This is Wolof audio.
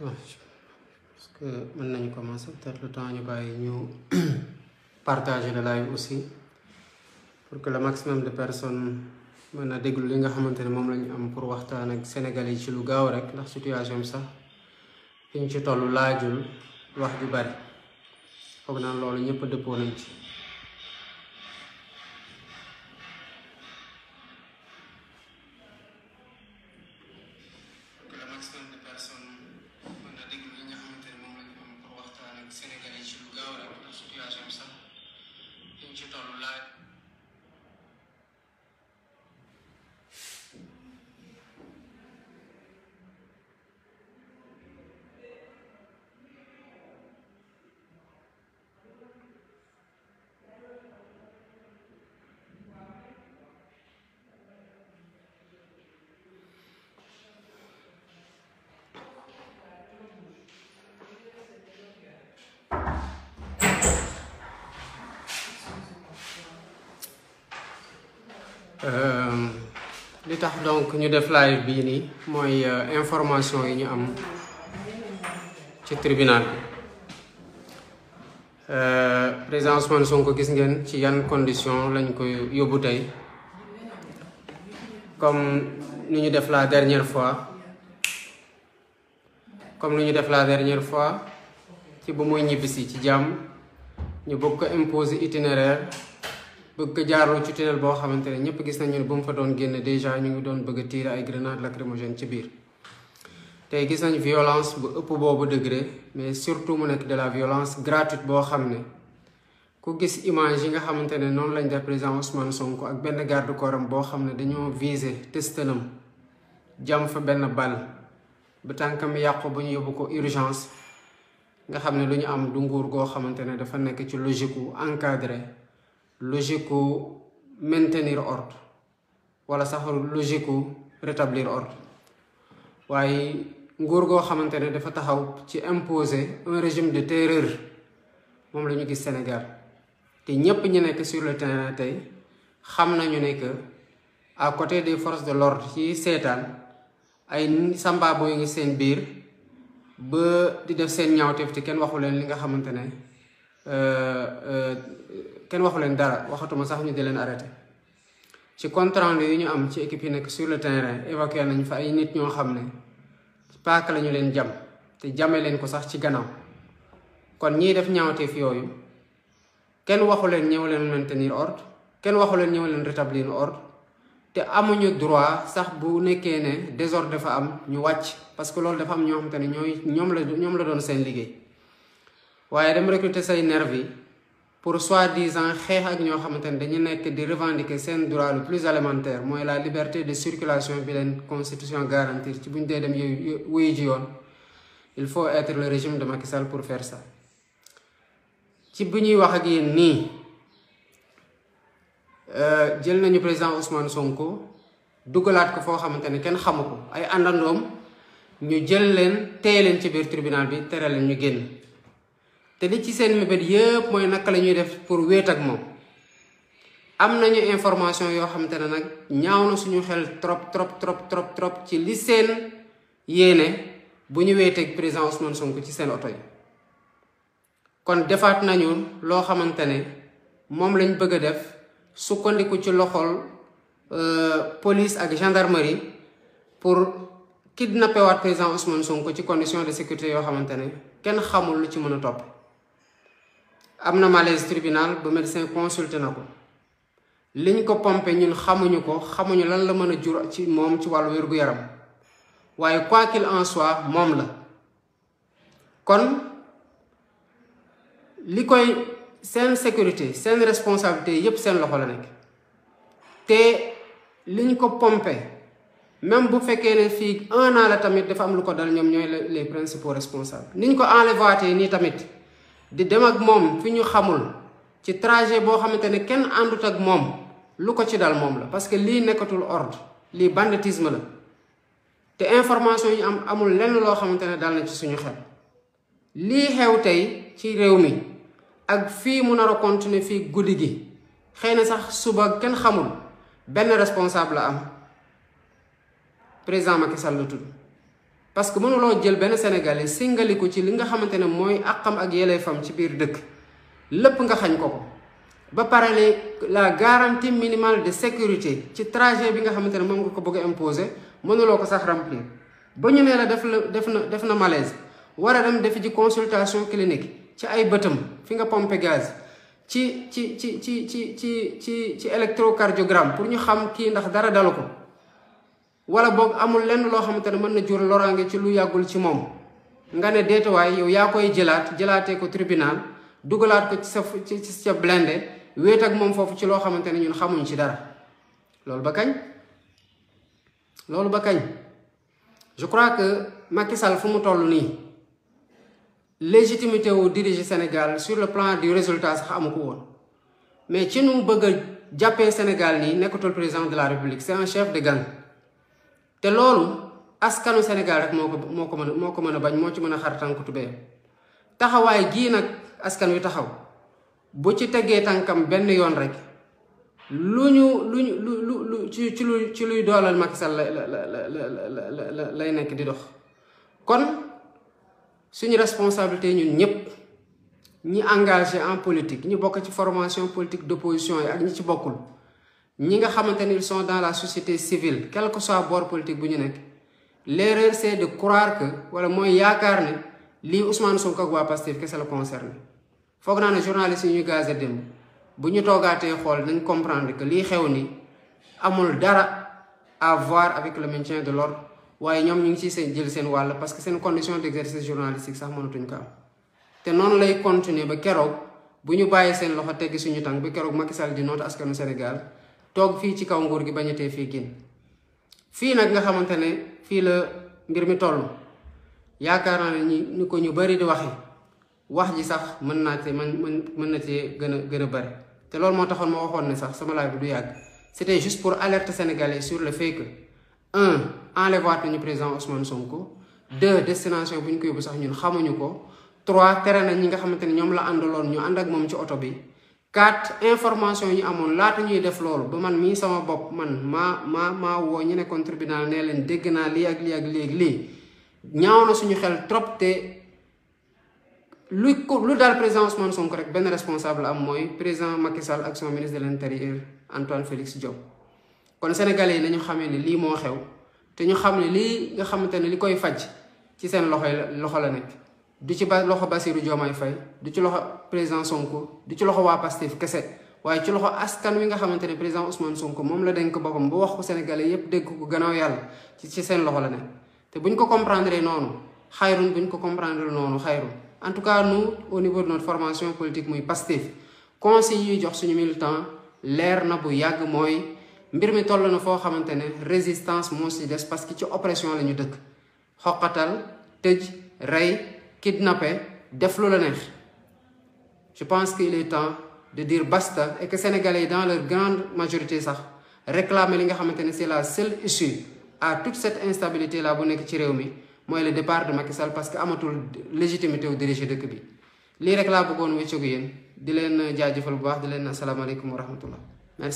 parce que mën nañu commencer peut-être le temps ñu bàyyi ñu partage le live aussi pour que le maximum de personnes mën a déglu li nga xamante ne moom la am pour waxtaan ak Sénégalais yi ci lu gaaw rek ndax situation bi sax fi ñu ci tollu laajul wax ju bari foog naa loolu ñëpp dëppoo nañ ci. li tax donc ñu def live bii nii mooy euh, information yi ñu am ci tribunal bi euh, président Ousmane ko gis ngeen ci yan condition lañ koy yóbbu tey comme ni ñu def la dernière fois comme ni ñu def la dernière fois ci ba muy ñibbisi ci jàmm ñu bëgg ko imposer itinéraire bëgg ko jaaroo ci tunnel boo xamante ne ñëpp gis nañu ne bu mu fa doon génne déjà ñu ngi doon bëgg a tiir ay grenade lacrymogène ci biir. tey gis nañu violence bu ëpp boobu degré mais surtout mu nekk de la violence gratuite boo xam ne ku gis image yi nga xamante ne noonu lañ def président Ousmane Sonko ak benn garde am boo xam ne dañoo visé testanam jam fa benn bal ba tànkam yàqu ba ñu yóbbu ko urgence nga xam ne lu ñu am du nguur goo xamante ne dafa nekk ci logique wu logique maintenir ordre wala sax logique rétablir ordre waaye nguur goo xamante ne dafa taxaw ci imposer un régime de terreur moom la ñu gis Sénégal te ñépp ñu nekk sur le terrain tey xam nañu ne que à côté des forces de l'ordre ci seetaan ay samba booy ngi seen biir ba di def seen ñaawteef te kenn waxu leen li nga xamante ne euh, euh, kenn waxu leen dara waxatuma sax ñu di leen arrêté ci compte rendu yi ñu am ci équipe yi nekk sur le terrain évacué nañ fa ay nit ñoo xam ne paaka lañu leen jam te jamee leen ko sax ci gannaaw kon ñiy def ñaawteef yooyu kenn waxu leen ñëw leen maintenir ordre kenn waxu leen ñëw leen rétablir ordre te amuñu droit sax bu nekkee ne désordre dafa am ñu wàcc parce que loolu dafa am ñoo xam te ne ñooy ñoom la ñoom la doon seen liggéey waaye dem recruter say nervi pour soi-disant xeex ak ñoo xamante ne dañu nekk di revendiquer seen droit le plus alimentaire mooy la liberté de circulation bi leen constitution garantir ci buñ dee dem yooyu wuyu ji yoon il faut être le régime de Macky Sall pour faire ça ci bu ñuy wax ak yéen nii euh, jël nañu président Ousmane Sonko dugalaat ko foo xamante ne kenn xamu ko ay àndandoom ñu jël leen téye leen ci biir tribunal bi tere leen ñu génn te li ci seen mébét yëpp mooy naka la ñuy def pour wéet ak moom am nañu information yoo xamante ne nag ñaaw na suñu xel trop trop trop trop trop ci li seen yéene bu ñu wéeteeg président Ousmane Sonko ci seen oto yi kon defaat nañu loo xamante ne moom lañ bëgg a def sukkandiku ci loxol euh, police ak gendarmerie pour kidnappé waat président Ousmane Sonko ci condition de sécurité yoo xamante ne kenn xamul lu ci mën a topp am na males tribunal ba médecin consulté na ko liñ ko pompe ñun xamuñu ko xamuñu lan la mën a jur ci moom ci wàllu wér yaram waaye quoi qu'il en soit moom la kon li koy seen sécurité seen responsabilité yépp seen loxo la nekk te liñ ko pompé même bu fekkee ne fii un an la tamit dafa am lu ko dal ñoom ñooy les principaux responsables niñ ko enlevaatee nii tamit di dem ak moom fi ñu xamul ci trajet boo xamante ne kenn àndut ak moom lu ko ci dal moom la parce que lii nekkatul ordre lii banditisme la te information yi am amul lenn loo xamante ne dal na ci suñu xel lii xew tey ci réew mi ak fii mu nar a continuer fii guddi gi xëy na sax suba kenn xamul benn responsable am président Macky Sall la tudd parce que mënuloo jël benn singali ko ci li nga xamante ne mooy àqam ak fam ci biir dëkk lépp nga xañ ko ko ba pare la garanti minimale de sécurité ci trajet bi nga xamante ne moom nga ko bëgg a imposer mënuloo ko sax remplir ba ñu nee la def la def na def na malaise war a dem def ci consultation clinique ci ay bëtam fi nga pompe gaz ci ci ci ci ci ci ci ci électrocardiogramme pour ñu xam kii ndax dara dalu ko wala boog amul lenn loo xamante ne mën na jur loraange ci lu yàggul ci moom nga ne deetuwaay yow yaa koy jëlaat jëlaatee ko tribunal dugalaat ko ci sa ci sa blindé ak moom foofu ci loo xamante ne ñun xamuñ ci dara loolu ba kañ loolu ba kañ je crois que Macky Sall fu mu toll nii légitimité wu diriger Sénégal sur le plan du résultat sax amu ko woon mais ci nu mu bëgg a jàppee Sénégal nii nekkatul président de la République c'est un chef de gang te loolu askanu Sénégal rek moo ko moo ko mën a moo ko mën a bañ moo ci mën a xar tànk tubéyam taxawaay gii nag askan wi taxaw bu ci tegee tànkam benn yoon rek lu ñu lu ñu lu lu ci ci lu ci luy doolal Macky Sall la la la lay nekk di dox kon suñu responsabilité ñun ñëpp ñi engagé en politique ñi bokk ci formation politique d'opposition yi ak ñi ci bokkul ñi nga xamante ni ils sont dans la société civile quel que soit bord politique bu ñu nekk l'erreur c'est de croire que wala mooy yaakaar ne lii Ousmane Sonko ak waa Pastef kese la concerné foog naa ne journaliste yi ñu gazé dem bu ñu toogaatee xool dañ comprendre que lii xew ni amul dara à voir avec le maintien de l'ordre waaye ñoom ñu ngi ciy seen jël seen wàll parce que seen condition d'exercice journalistique sax mënatuñ ko am te noonu lay continuer ba keroog bu ñu bàyyi seen loxo teggi suñu tànk ba keroog Macky Sall di noot askanu Sénégal toog fii ci kaw nguur gi bañatee fii génn fii nag nga xamante ne fii la ngir mi toll yaakaar naa ne ñi ni ko ñu bari di waxe wax ji sax mën naa cee mën mën na cee gën a gën a bari te loolu moo taxoon ma waxoon ne sax sama laaj bi du yàgg c'était juste pour alerte sénégalais sur le fait que un enlevé waat nañu président Ousmane Sonko deux destination bu ñu ko yóbbu sax ñun xamuñu ko trois tere na ñi nga xamante ne ñoom la àndaloon ñu ànd ak moom ci oto bi quatre information yi amoon laata ñuy def loolu ba man mii sama bopp man maa maa maa woo ñu nekkoon ne leen dégg naa lii ak lii ak lii ak ñaaw na suñu xel trop te lu ko lu daal président Ousmane Sonko rek benn responsable am mooy président makisal Sall ak son ministre de l' intérieur Antoine Félix Diop. kon sénégalais yi nañu xamee ni lii moo xew te ñu xam ne lii nga xamante ne li koy faj ci seen loxo la loxo la nekk. du ci ba loxo Bassirou Diomaye Faye du ci loxo président Sonko du ci loxo waa Pastef kese waaye ci loxo askan wi nga xamante ne président Ousmane Sonko moom la denk boppam bu wax ko sénégalais yépp dégg ko gannaaw yàlla ci ci seen loxo la ne te bu buñ ko comprendre noonu xayrun buñ ko comprendre noonu xayrun en tout cas nous au niveau de formation politique muy Pastef conseil yi jox suñu militant leer na bu yàgg mooy mbir mi toll na foo xamante ne résistance moo si des parce que ci oppression la ñu dëkk xoqatal tëj rey kidnappé def lu la neex je pense qu'il est temps de diir basta et que sénégalais yi dans leur grande majorité sax réclamer li nga xamante ne c'est la seule issue à tout cette instabilité là bu nekk ci réew mi mooy le départ de Macky parce que amatul légitimité wu diriger dëkk bi lii rek laa bëggoon wéccogu yéen di leen jaajëfal bu baax di leen asalaamaaleykum wa rahmatullah